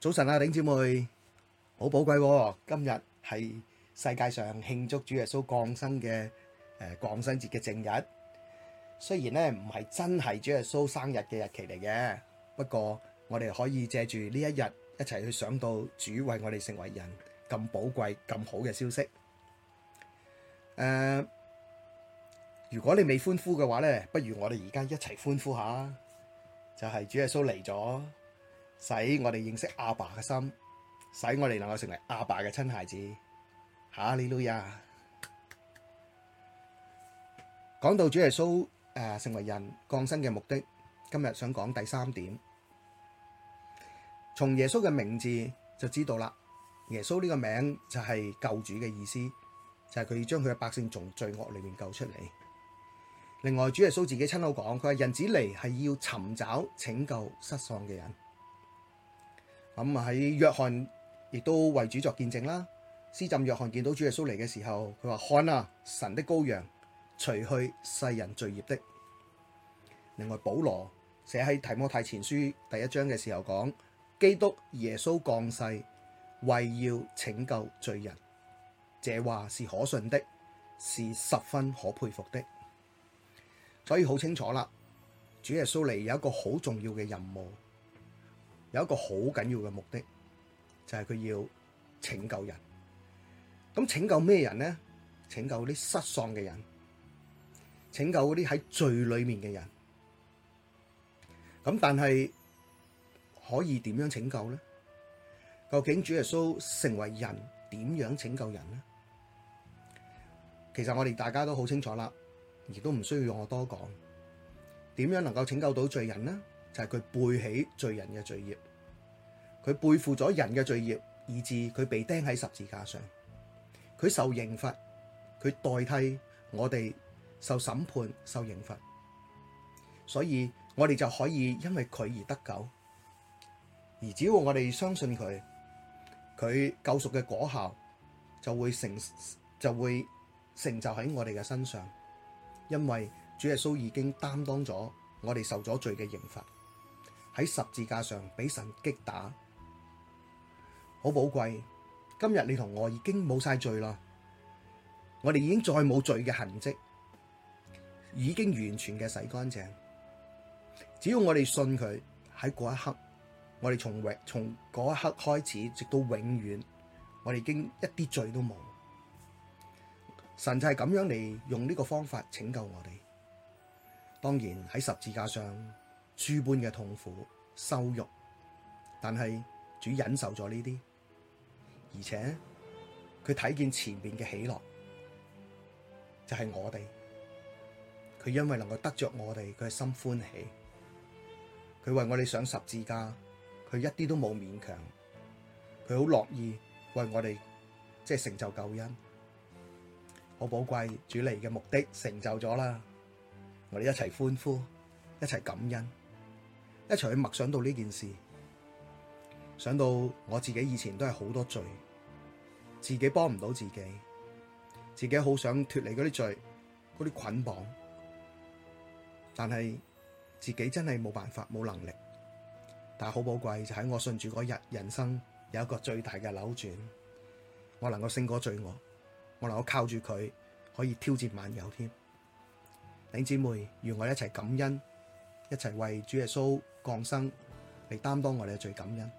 早晨啊，頂姐妹，好寶貴喎。今日係世界上慶祝主耶穌降生嘅，誒降生節嘅正日。雖然咧唔係真係主耶穌生日嘅日期嚟嘅，不過我哋可以借住呢一日一齊去想到主為我哋成為人咁寶貴、咁好嘅消息。誒，如果你未歡呼嘅話咧，不如我哋而家一齊歡呼下。就係主耶穌嚟咗，使我哋認識阿爸嘅心，使我哋能夠成為阿爸嘅親孩子。哈利路亞，講到主耶穌誒成為人降生嘅目的，今日想講第三點。從耶穌嘅名字就知道啦，耶穌呢個名字就係救主嘅意思，就係佢要將佢嘅百姓從罪惡裏面救出嚟。另外，主耶穌自己親口講，佢話人子嚟係要尋找拯救失喪嘅人。咁喺約翰亦都為主作見證啦。施浸約翰見到主耶穌嚟嘅時候，佢話：看啊，神的羔羊，除去世人罪孽的。另外，保羅寫喺提摩太前書第一章嘅時候講：基督耶穌降世，為要拯救罪人。這話是可信的，是十分可佩服的。所以好清楚啦，主耶穌嚟有一個好重要嘅任務。有一個好緊要嘅目的，就係佢要拯救人。咁拯救咩人咧？拯救啲失喪嘅人，拯救嗰啲喺罪裏面嘅人。咁但係可以點樣拯救咧？究竟主耶穌成為人，點樣拯救人咧？其實我哋大家都好清楚啦，而都唔需要用我多講。點樣能夠拯救到罪人呢？就係佢背起罪人嘅罪孽，佢背負咗人嘅罪孽，以至佢被釘喺十字架上，佢受刑罰，佢代替我哋受審判、受刑罰，所以我哋就可以因為佢而得救，而只要我哋相信佢，佢救贖嘅果效就會成就會成就喺我哋嘅身上，因為主耶穌已經擔當咗我哋受咗罪嘅刑罰。喺十字架上俾神擊打，好寶貴。今日你同我已經冇晒罪啦，我哋已經再冇罪嘅痕跡，已經完全嘅洗乾淨。只要我哋信佢，喺嗰一刻，我哋從從嗰一刻開始，直到永遠，我哋已經一啲罪都冇。神就係咁樣嚟用呢個方法拯救我哋。當然，喺十字架上。書般嘅痛苦，羞辱，但係主忍受咗呢啲，而且佢睇見前面嘅喜樂，就係、是、我哋。佢因為能夠得着我哋，佢係心歡喜。佢為我哋上十字架，佢一啲都冇勉強，佢好樂意為我哋即係成就救恩，好寶貴。主嚟嘅目的成就咗啦，我哋一齊歡呼，一齊感恩。一齊去默想到呢件事，想到我自己以前都係好多罪，自己幫唔到自己，自己好想脫離嗰啲罪、嗰啲捆綁，但係自己真係冇辦法、冇能力。但係好寶貴，就喺我信主嗰日，人生有一個最大嘅扭轉，我能夠勝過罪惡，我能夠靠住佢可以挑戰萬有添。弟兄姊妹，與我一齊感恩。一齊為主耶穌降生嚟擔當我哋嘅罪感恩。